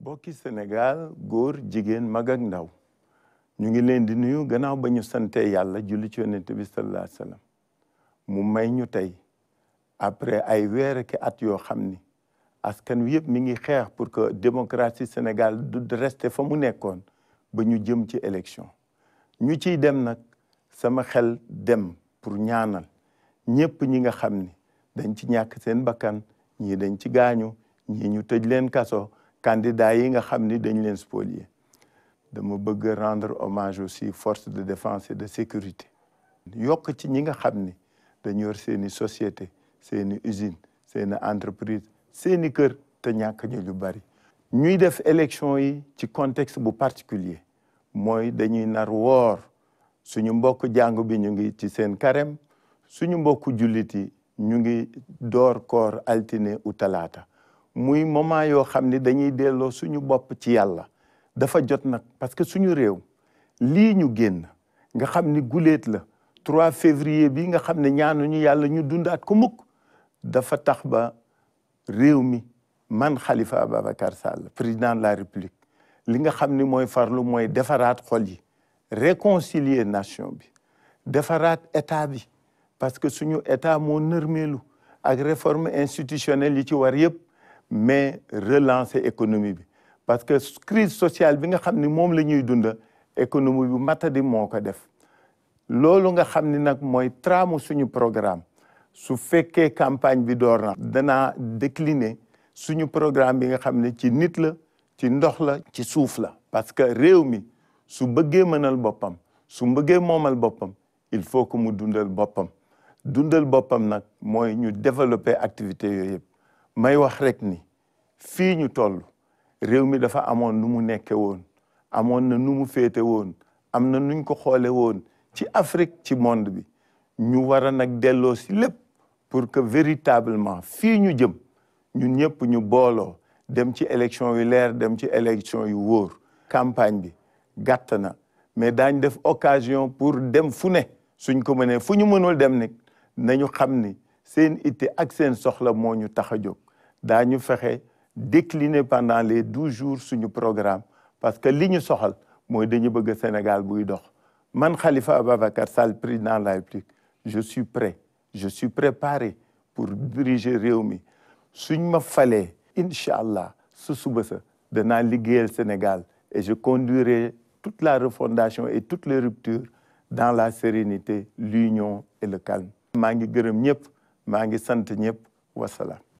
bokki Sénégal góor jigéen mag ndaw ñu ngi leen di nuyu gannaaw ba ñu sante yàlla julli ci yonent bi sallallahu alayhi mu may ñu tey après ay weer ak at yoo xam ni askan wi yëpp mi ngi xeex pour que démocratie Sénégal du rester fa mu nekkoon ba ñu jëm ci élection ñu ciy dem nag sama xel dem pour ñaanal ñëpp ñi nga xam ni dañ ci ñàkk seen bakkan ñii dañ ci gaañu ñii ñu tëj leen kaso candidat yi nga xam ni dañ leen spolier dama bëgg rendre hommage aussi force de défense et de sécurité yokk ci ñi nga xam ni dañ yor seen i société seeni i usine seen i entreprise seen i kër te ñàkk ñu lu bari ñuy def élection yi ci contexte bu particulier mooy dañuy nar woor suñu mbokk jàngu bi ñu ngi ci seen carême suñu mbokk jullit yi ñu ngi door koor altine u talaata muy moment yoo xam ni dañuy delloo suñu bopp ci yàlla dafa jot nag parce que suñu réew lii ñu génn nga xam ni guléet la 3 février bi nga xam ne ñaanuñu yàlla ñu dundaat ko mukk dafa tax ba réew mi man Khalifa Ababacar Sall président de la République li nga xam ni mooy farlu mooy defaraat xol yi réconcilier nation bi defaraat état bi parce que suñu état moo nërmeelu ak réforme institutionnelle yi ci war yëpp mais relancer économie bi parce que crise sociale bi nga xam ni moom la ñuy dunda économie bu di moo ko def loolu nga xam ni nag mooy traamu suñu programme su fekkee campagne bi door na danaa décliner suñu programme bi nga xam ne ci nit la ci ndox la ci suuf la parce que réew mi su bëggee mënal boppam su bëggee moomal boppam il faut que mu dundal boppam dundal boppam nag mooy ñu développer activité yooyu yëpp may wax rek ni fii ñu toll réew mi dafa amoon nu mu nekke woon amoon na nu mu féete woon am na nuñ ko xoole woon ci Afrique ci monde bi ñu war a nag delloo si lépp pour que véritablement fii ñu jëm ñun ñëpp ñu booloo dem ci élection yu leer dem ci élection yu wóor campagne bi gàtt na mais daañ def occasion pour dem fu ne suñ ko mënee fu ñu mënul dem nag nañu xam ni seen itte ak seen soxla moo ñu tax a jóg daa daañu fexe décliner pendant les douze jours suñu programme parce que li ñu soxal mooy dañu bëgg Sénégal buy dox man Khalifa Ababacar Sall président de la République je suis prêt je suis préparé pour diriger réew mi suñ ma falee incha allah su suba sa danaa liggéeyal Sénégal et je conduirai toute la refondation et toutes les ruptures dans la sérénité l'union et le maa ngi gërëm ñëpp maa ngi sant ñëpp wasalaam